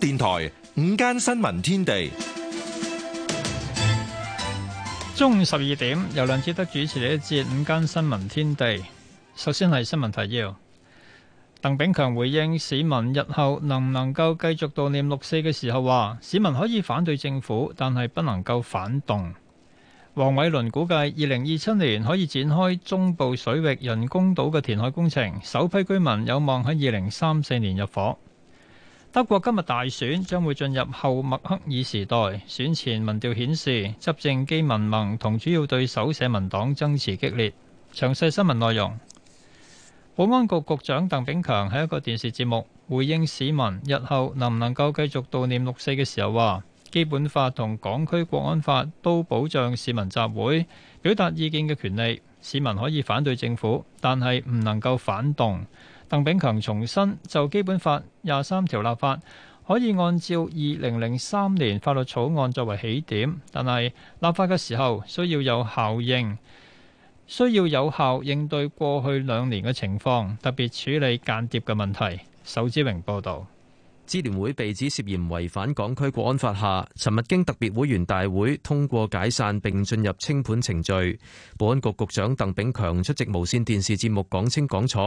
電台午間新聞天地，中午十二點由梁志德主持呢一節午間新聞天地。首先係新聞提要，鄧炳強回應市民日後能唔能夠繼續悼念六四嘅時候，話市民可以反對政府，但係不能夠反動。黃偉綸估計二零二七年可以展開中部水域人工島嘅填海工程，首批居民有望喺二零三四年入伙。德國今日大選將會進入後默克爾時代，選前民調顯示，執政基民盟同主要對手社民黨爭持激烈。詳細新聞內容，保安局局長鄧炳強喺一個電視節目回應市民日後能唔能夠繼續悼念六四嘅時候話，基本法同港區國安法都保障市民集會、表達意見嘅權利，市民可以反對政府，但係唔能夠反動。鄧炳強重申，就《基本法》廿三條立法，可以按照二零零三年法律草案作為起點，但係立法嘅時候需要有效應，需要有效應對過去兩年嘅情況，特別處理間諜嘅問題。仇志榮報道。支聯會被指涉嫌違反港區國安法下，尋日經特別會員大會通過解散並進入清盤程序。保安局局長鄧炳強出席無線電視節目講清講楚，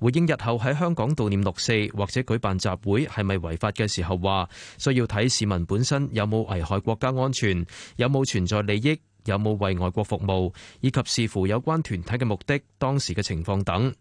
回應日後喺香港悼念六四或者舉辦集會係咪違法嘅時候，話需要睇市民本身有冇危害國家安全，有冇存在利益。有冇為外國服務，以及視乎有關團體嘅目的、當時嘅情況等。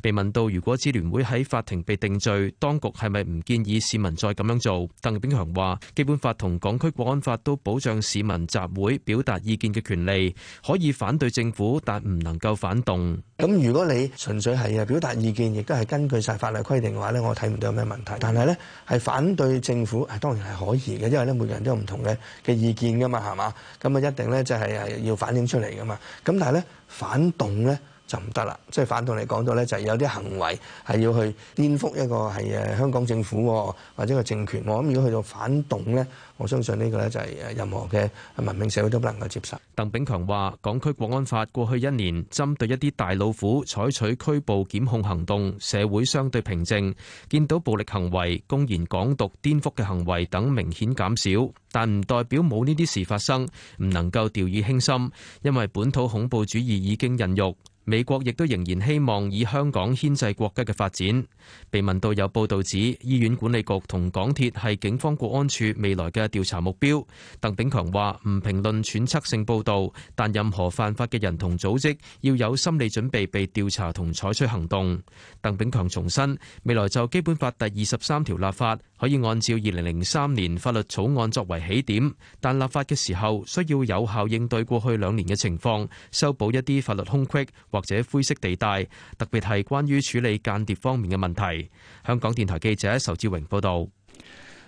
被問到如果支聯會喺法庭被定罪，當局係咪唔建議市民再咁樣做？鄧炳強話：基本法同港區國安法都保障市民集會、表達意見嘅權利，可以反對政府，但唔能夠反動。咁如果你純粹係啊表達意見，亦都係根據晒法律規定嘅話呢，我睇唔到有咩問題。但係呢，係反對政府，係當然係可以嘅，因為呢，每個人都有唔同嘅嘅意見噶嘛，係嘛？咁啊一定呢就係、是。係要反映出嚟噶嘛。咁但係咧反動咧。就唔得啦，即係反動嚟講到咧，就係、是、有啲行為係要去顛覆一個係誒香港政府或者個政權。我諗如果去到反動咧，我相信呢個咧就係誒任何嘅文明社會都不能夠接受。鄧炳強話：港區國安法過去一年針對一啲大老虎採取拘捕檢控行動，社會相對平靜，見到暴力行為、公然港獨、顛覆嘅行為等明顯減少，但唔代表冇呢啲事發生，唔能夠掉以輕心，因為本土恐怖主義已經孕育。美國亦都仍然希望以香港牽制國家嘅發展。被問到有報道指醫院管理局同港鐵係警方國安處未來嘅調查目標，鄧炳強話唔評論揣測性報道，但任何犯法嘅人同組織要有心理準備被調查同採取行動。鄧炳強重申，未來就基本法第二十三條立法。可以按照二零零三年法律草案作為起點，但立法嘅時候需要有效應對過去兩年嘅情況，修補一啲法律空隙或者灰色地帶，特別係關於處理間諜方面嘅問題。香港電台記者仇志榮報道。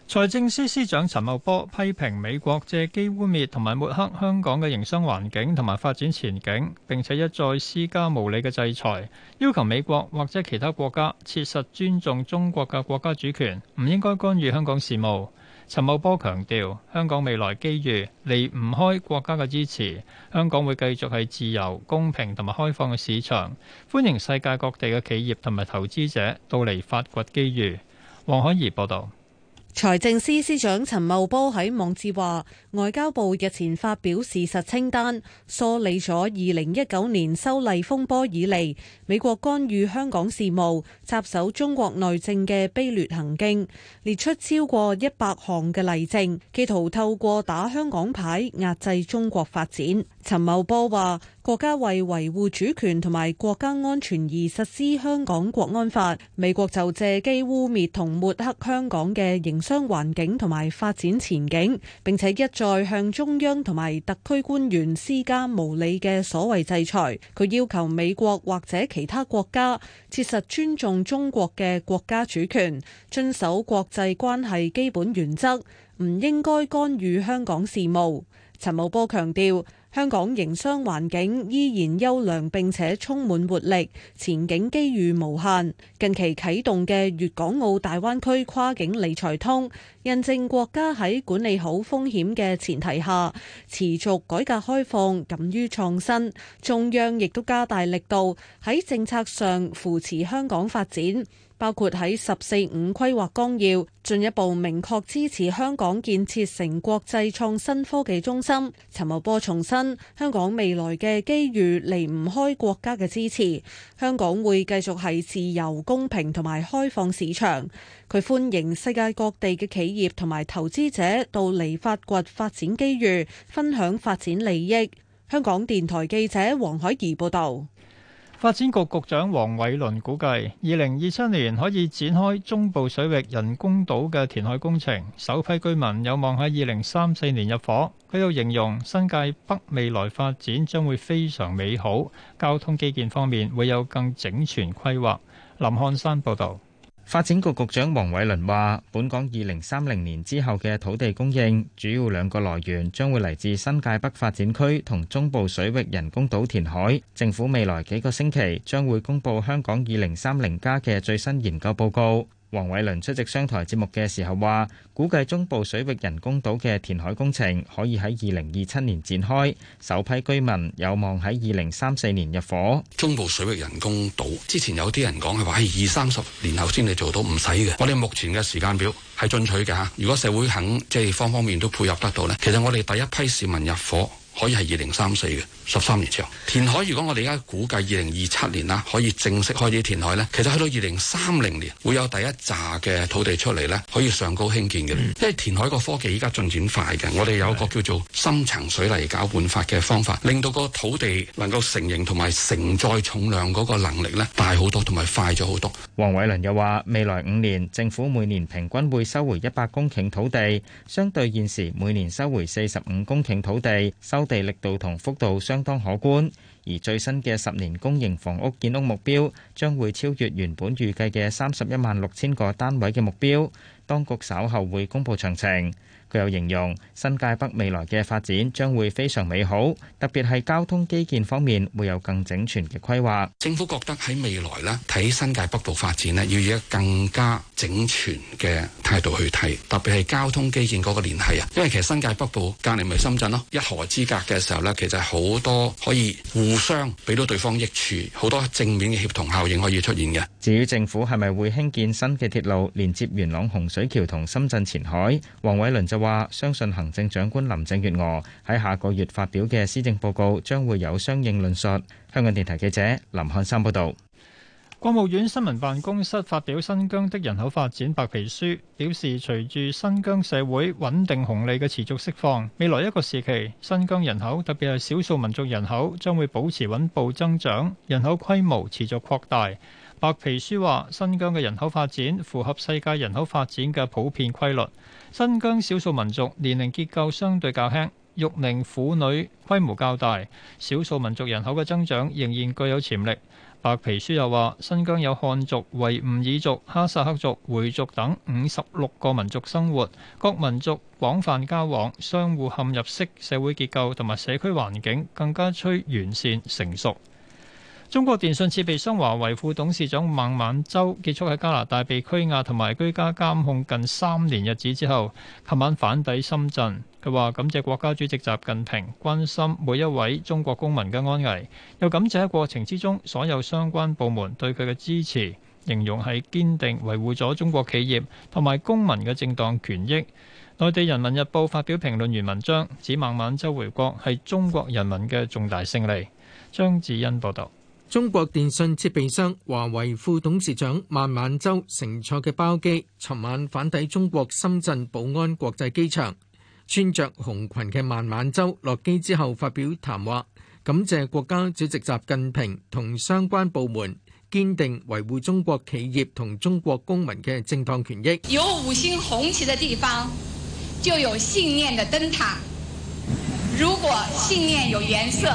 財政司司長陳茂波批評美國借機污蔑同埋抹黑香港嘅營商環境同埋發展前景，並且一再施加無理嘅制裁，要求美國或者其他國家切實尊重中國嘅國家主權，唔應該干預香港事務。陳茂波強調，香港未來機遇，離唔開國家嘅支持，香港會繼續係自由、公平同埋開放嘅市場，歡迎世界各地嘅企業同埋投資者到嚟發掘機遇。黃海怡報道。財政司司長陳茂波喺網誌話，外交部日前發表事實清單，梳理咗二零一九年修例風波以嚟，美國干預香港事務、插手中國內政嘅卑劣行徑，列出超過一百項嘅例證，企圖透過打香港牌壓制中國發展。陳茂波話，國家為維護主權同埋國家安全而實施香港國安法，美國就借機污衊同抹黑香港嘅營商環境同埋發展前景，並且一再向中央同埋特區官員施加無理嘅所謂制裁。佢要求美國或者其他國家切實尊重中國嘅國家主權，遵守國際關係基本原則，唔應該干預香港事務。陳茂波強調。香港營商環境依然優良並且充滿活力，前景機遇無限。近期啟動嘅粵港澳大灣區跨境理財通，印證國家喺管理好風險嘅前提下，持續改革開放、敢於創新。中央亦都加大力度喺政策上扶持香港發展。包括喺十四五規劃綱要進一步明確支持香港建設成國際創新科技中心。陳茂波重申，香港未來嘅機遇離唔開國家嘅支持，香港會繼續係自由、公平同埋開放市場。佢歡迎世界各地嘅企業同埋投資者到嚟發掘發展機遇，分享發展利益。香港電台記者黃海怡報道。發展局局長黃偉綸估計，二零二七年可以展開中部水域人工島嘅填海工程，首批居民有望喺二零三四年入伙。佢又形容新界北未來發展將會非常美好，交通基建方面會有更整全規劃。林漢山報導。發展局局長黃偉綸話，本港二零三零年之後嘅土地供應主要兩個來源，將會嚟自新界北發展區同中部水域人工島填海。政府未來幾個星期將會公布香港二零三零加嘅最新研究報告。黃偉綸出席商台節目嘅時候話，估計中部水域人工島嘅填海工程可以喺二零二七年展開，首批居民有望喺二零三四年入伙。中部水域人工島之前有啲人講係話，喺二三十年後先至做到，唔使嘅。我哋目前嘅時間表係進取嘅吓，如果社會肯即係、就是、方方面面都配合得到咧，其實我哋第一批市民入伙。可以係二零三四嘅，十三年之後填海。如果我哋而家估計二零二七年啦，可以正式開始填海呢，其實去到二零三零年會有第一紮嘅土地出嚟呢，可以上高興建嘅。嗯、因為填海個科技依家進展快嘅，我哋有一個叫做深層水泥攪拌法嘅方法，令到個土地能夠承認同埋承載重量嗰個能力呢，大好多，同埋快咗好多。黃偉綸又話：未來五年政府每年平均會收回一百公頃土地，相對現時每年收回四十五公頃土地收地力度同幅度相當可觀，而最新嘅十年公營房屋建屋目標將會超越原本預計嘅三十一萬六千個單位嘅目標，當局稍後會公布詳情。佢有形容新界北未來嘅發展將會非常美好，特別係交通基建方面會有更整全嘅規劃。政府覺得喺未來咧，睇新界北部發展咧，要以一個更加整全嘅態度去睇，特別係交通基建嗰個聯繫啊。因為其實新界北部隔籬咪深圳咯，一河之隔嘅時候咧，其實好多可以互相俾到對方益處，好多正面嘅協同效應可以出現嘅。至於政府係咪會興建，建新嘅鐵路連接元朗洪水橋同深圳前海？黃偉綸就話：相信行政長官林鄭月娥喺下個月發表嘅施政報告將會有相應論述。香港電台記者林漢山報導。國務院新聞辦公室發表新疆的人口發展白皮書，表示隨住新疆社會穩定紅利嘅持續釋放，未來一個時期，新疆人口特別係少數民族人口將會保持穩步增長，人口規模持續擴大。白皮書話：新疆嘅人口發展符合世界人口發展嘅普遍規律。新疆少數民族年齡結構相對較輕，育齡婦女規模較大，少數民族人口嘅增長仍然具有潛力。白皮書又話：新疆有漢族、維吾爾族、哈薩克族、回族等五十六個民族生活，各民族廣泛交往，相互嵌入式社會結構同埋社區環境更加趨完善成熟。中國電信設備商華為副董事長孟晚舟結束喺加拿大被拘押同埋居家監控近三年日子之後，琴晚返抵深圳。佢話感謝國家主席習近平關心每一位中國公民嘅安危，又感謝喺過程之中所有相關部門對佢嘅支持，形容係堅定維護咗中國企業同埋公民嘅正當權益。內地《人民日報》發表評論員文，文章，指孟晚舟回國係中國人民嘅重大勝利。張志欣報道。中國電信設備商華為副董事長孟晚舟乘坐嘅包機，昨晚返抵中國深圳寶安國際機場。穿着紅裙嘅孟晚舟落機之後發表談話，感謝國家主席習近平同相關部門堅定維護中國企業同中國公民嘅正當權益。有五星紅旗嘅地方，就有信念嘅燈塔。如果信念有顏色，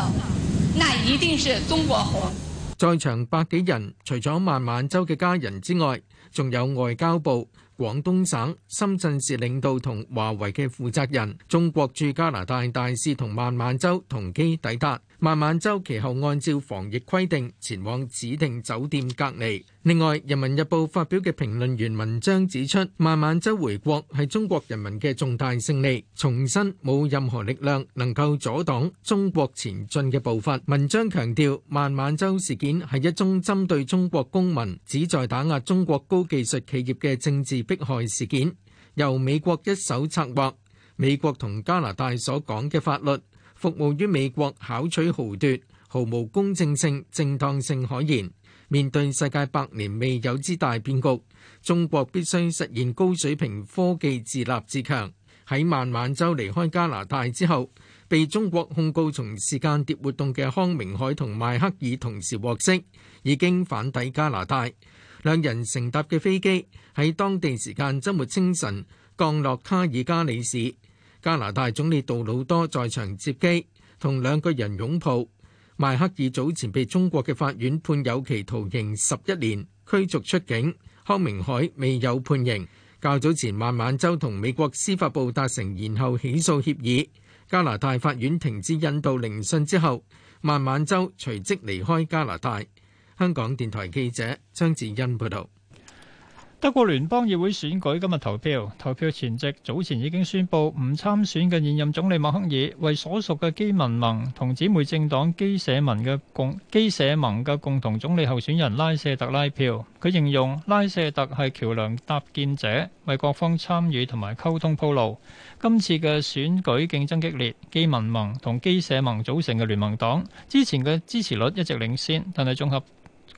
那一定是中國貨。在場百幾人，除咗孟晚舟嘅家人之外，仲有外交部、廣東省、深圳市領導同華為嘅負責人、中國駐加拿大大使孟晚舟同孟晚舟同機抵達。孟晚舟其後按照防疫規定前往指定酒店隔離。另外，《人民日報》發表嘅評論員文章指出，孟晚舟回國係中國人民嘅重大勝利，重申冇任何力量能夠阻擋中國前進嘅步伐。文章強調，孟晚舟事件係一宗針對中國公民、旨在打壓中國高技術企業嘅政治迫害事件，由美國一手策劃。美國同加拿大所講嘅法律。服務於美國巧取豪奪，毫無公正性、正當性可言。面對世界百年未有之大變局，中國必須實現高水平科技自立自強。喺孟晚舟離開加拿大之後，被中國控告從事間諜活動嘅康明凱同邁克爾同時獲釋，已經返抵加拿大。兩人乘搭嘅飛機喺當地時間周末清晨降落卡爾加里市。加拿大總理杜魯多在場接機，同兩個人擁抱。邁克爾早前被中國嘅法院判有期徒刑十一年，驅逐出境。康明凱未有判刑。較早前孟晚舟同美國司法部達成延後起訴協議。加拿大法院停止引渡聆訊之後，孟晚舟隨即離開加拿大。香港電台記者張志恩報道。德國聯邦議會選舉今日投票，投票前夕早前已經宣佈唔參選嘅現任總理默克爾為所屬嘅基民盟同姊妹政黨基社民嘅共基社盟嘅共同總理候選人拉舍特拉票。佢形容拉舍特係橋樑搭建者，為各方參與同埋溝通鋪路。今次嘅選舉競爭激烈，基民盟同基社盟組成嘅聯盟黨之前嘅支持率一直領先，但係綜合。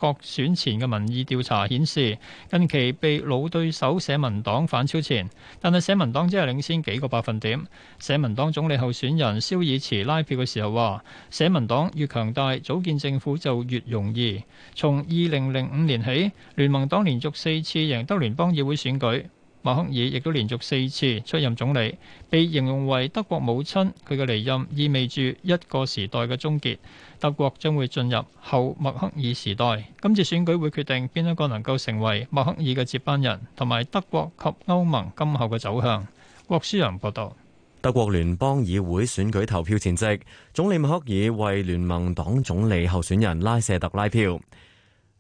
各選前嘅民意調查顯示，近期被老對手社民黨反超前，但係社民黨只係領先幾個百分點。社民黨總理候選人蕭爾茨拉票嘅時候話：社民黨越強大，組建政府就越容易。從二零零五年起，聯盟黨連續四次贏得聯邦議會選舉。默克爾亦都連續四次出任總理，被形容為德國母親。佢嘅離任意味住一個時代嘅終結，德國將會進入後默克爾時代。今次選舉會決定邊一個能夠成為默克爾嘅接班人，同埋德國及歐盟今後嘅走向。郭思陽報道，德國聯邦議會選舉投票前夕，總理默克爾為聯盟黨總理候選人拉舍特拉票。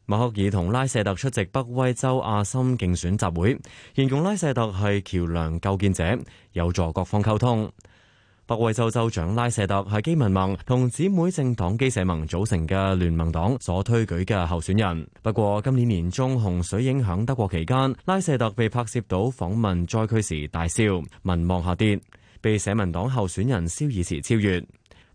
默克爾同拉舍特出席北威州亞森競選集會，形容拉舍特係橋樑構建者，有助各方溝通。北威州州長拉舍特係基民盟同姊妹政黨基社盟組成嘅聯盟黨所推舉嘅候選人。不過今年年中洪水影響德國期間，拉舍特被拍攝到訪問災區時大笑，民望下跌，被社民黨候選人蕭爾茨超越。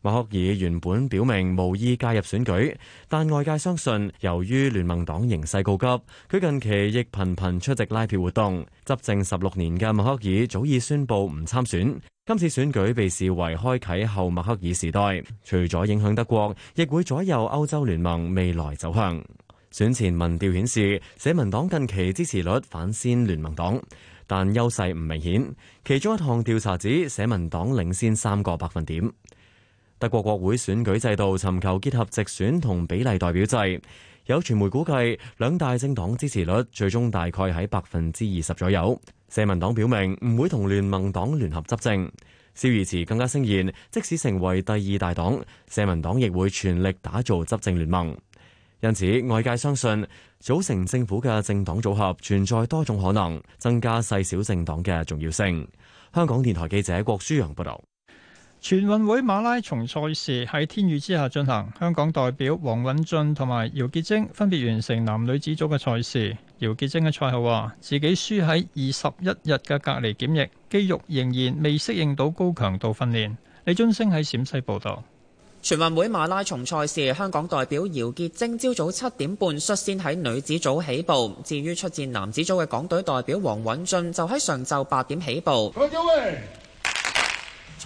默克爾原本表明無意介入選舉，但外界相信，由於聯盟黨形勢告急，佢近期亦頻頻出席拉票活動。執政十六年嘅默克爾早已宣布唔參選，今次選舉被視為開啟後默克爾時代。除咗影響德國，亦會左右歐洲聯盟未來走向。選前民調顯示，社民黨近期支持率反先聯盟黨，但優勢唔明顯。其中一項調查指，社民黨領先三個百分點。德國國會選舉制度尋求結合直選同比例代表制，有傳媒估計兩大政黨支持率最終大概喺百分之二十左右。社民黨表明唔會同聯盟黨聯合執政，肖爾茨更加聲言，即使成為第二大黨，社民黨亦會全力打造執政聯盟。因此，外界相信組成政府嘅政黨組合存在多種可能，增加細小，小政黨嘅重要性。香港電台記者郭舒揚報道。全運會馬拉松賽事喺天雨之下進行，香港代表黃允進同埋姚潔貞分別完成男女子組嘅賽事。姚潔貞嘅賽後話，自己輸喺二十一日嘅隔離檢疫，肌肉仍然未適應到高強度訓練。李津升喺陝西報道，全運會馬拉松賽事，香港代表姚潔貞朝早七點半率先喺女子組起步，至於出戰男子組嘅港隊代表黃允進就喺上晝八點起步。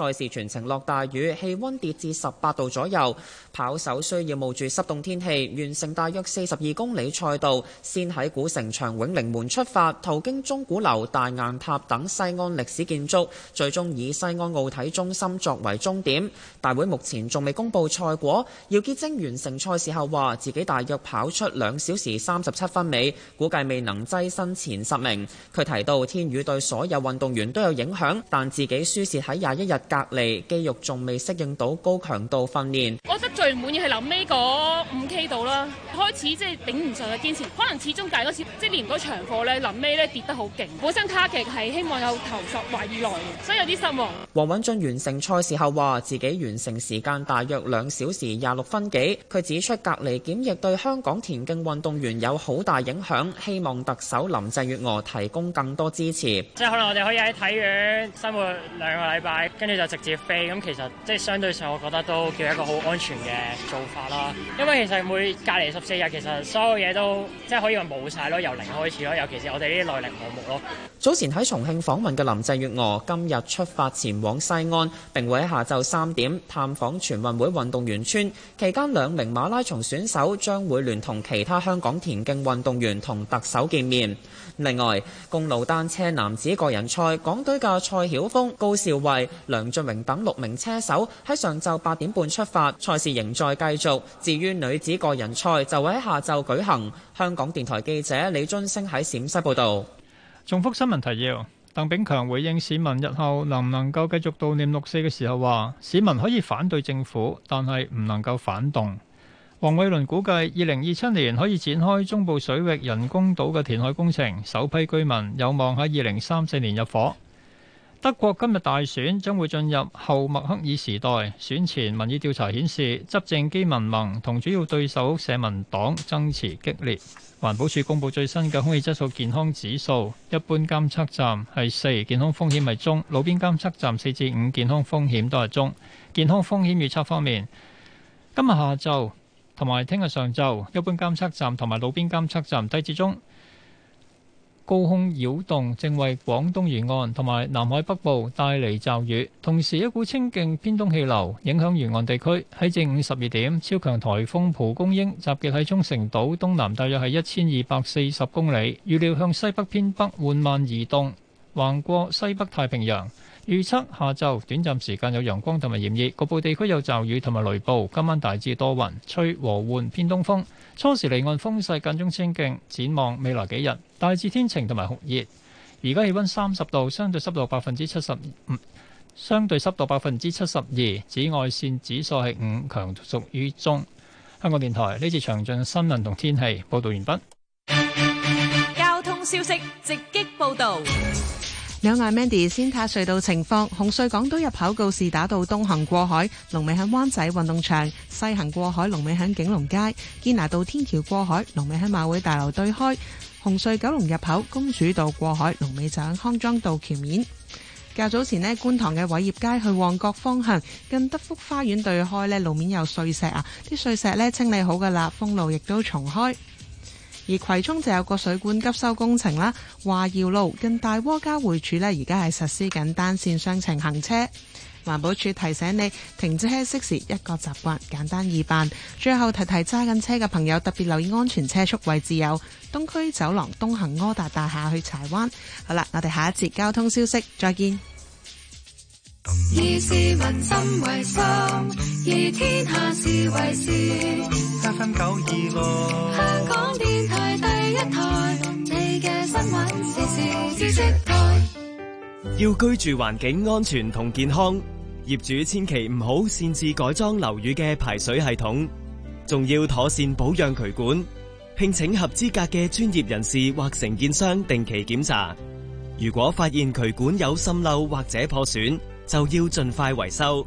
賽事全程落大雨，氣溫跌至十八度左右，跑手需要冒住濕凍天氣完成大約四十二公里賽道。先喺古城牆永寧門出發，途經鐘鼓樓、大雁塔等西安歷史建築，最終以西安奧體中心作為終點。大會目前仲未公布賽果。姚潔晶完成賽事後話，自己大約跑出兩小時三十七分尾，估計未能躋身前十名。佢提到天雨對所有運動員都有影響，但自己輸蝕喺廿一日。隔離肌肉仲未適應到高強度訓練，我覺得最唔滿意係臨尾嗰五 K 度啦，開始即係頂唔順嘅堅持，可能始終大嗰次即係連嗰場課咧，臨尾咧跌得好勁。本身卡極係希望有頭十或以內，所以有啲失望。黃允進完成賽事後話自己完成時間大約兩小時廿六分幾，佢指出隔離檢疫對香港田徑運動員有好大影響，希望特首林鄭月娥提供更多支持。即係可能我哋可以喺體院生活兩個禮拜，跟住。就直接飛咁，其實即係相對上，我覺得都叫一個好安全嘅做法啦。因為其實每隔離十四日，其實所有嘢都即係可以話冇曬咯，由零開始咯。尤其是我哋呢啲耐力項目咯。早前喺重慶訪問嘅林鄭月娥，今日出發前往西安，並會喺下晝三點探訪全運會運動員村。期間兩名馬拉松選手將會聯同其他香港田徑運動員同特首見面。另外公路單車男子個人賽，港隊嘅蔡曉峯、高少慧、梁。梁俊榮等六名車手喺上晝八點半出發，賽事仍在繼續。至於女子個人賽，就會喺下晝舉行。香港電台記者李津星喺陝西報道。重複新聞提要：鄧炳強回應市民日後能唔能夠繼續悼念六四嘅時候話，市民可以反對政府，但係唔能夠反動。黃偉綸估計，二零二七年可以展開中部水域人工島嘅填海工程，首批居民有望喺二零三四年入伙。德國今日大選將會進入後默克爾時代，選前民意調查顯示，執政基民盟同主要對手社民黨爭持激烈。環保署公布最新嘅空氣質素健康指數，一般監測站係四，健康風險係中；路邊監測站四至五，5, 健康風險都係中。健康風險預測方面，今日下晝同埋聽日上晝，一般監測站同埋路邊監測站低至中。高空擾動正為廣東沿岸同埋南海北部帶嚟驟雨，同時一股清勁偏東氣流影響沿岸地區。喺正午十二點，超強颱風蒲公英集結喺沖繩島東南，大約係一千二百四十公里，預料向西北偏北緩慢移動，橫過西北太平洋。預測下晝短暫時間有陽光，同埋炎熱。局部地區有驟雨同埋雷暴。今晚大致多雲，吹和緩偏東風。初時離岸風勢間中清勁。展望未來幾日，大致天晴同埋酷熱。而家氣温三十度，相對濕度百分之七十五，相對濕度百分之七十二。紫外線指數係五，強屬於中。香港電台呢次詳盡新聞同天氣報道完畢。交通消息直擊報道。兩位 Mandy 先睇隧道情況，紅隧港島入口告士打道東行過海，龍尾喺灣仔運動場；西行過海，龍尾喺景隆街。堅拿道天橋過海，龍尾喺馬會大樓對開。紅隧九龍入口公主道過海，龍尾就喺康莊道橋面。較早前咧，觀塘嘅偉業街去旺角方向，近德福花園對開咧，路面有碎石啊，啲碎石咧清理好㗎啦，封路亦都重開。而葵涌就有個水管急修工程啦，華耀路近大窩交匯處呢，而家係實施緊單線雙程行車。環保署提醒你，停車熄匙一個習慣，簡單易辦。最後提提揸緊車嘅朋友，特別留意安全車速位置有東區走廊、東行柯達大廈去柴灣。好啦，我哋下一節交通消息再見。以市民心為心。而天下是事。分九二香港電台第一台，第一 你嘅新聞時事知識台 要居住環境安全同健康，業主千祈唔好擅自改裝樓宇嘅排水系統，仲要妥善保養渠管，聘請合資格嘅專業人士或承建商定期檢查。如果發現渠管有滲漏或者破損，就要盡快維修。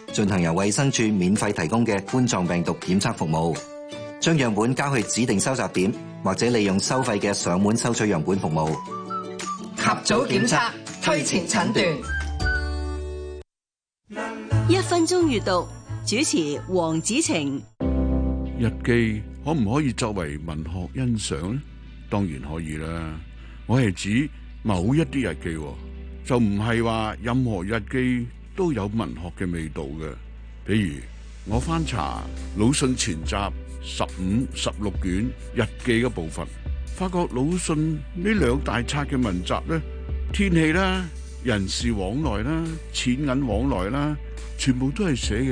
進行由衛生署免費提供嘅冠狀病毒檢測服務，將樣本交去指定收集點，或者利用收費嘅上門收取樣本服務。及早檢測，推前診斷。一分鐘閱讀，主持黃子晴。日記可唔可以作為文學欣賞咧？當然可以啦。我係指某一啲日記，就唔係話任何日記。都有文學嘅味道嘅，比如我翻查《魯迅全集》十五、十六卷日記嘅部分，發覺魯迅呢兩大冊嘅文集咧，天氣啦、人事往來啦、錢銀往來啦，全部都係寫。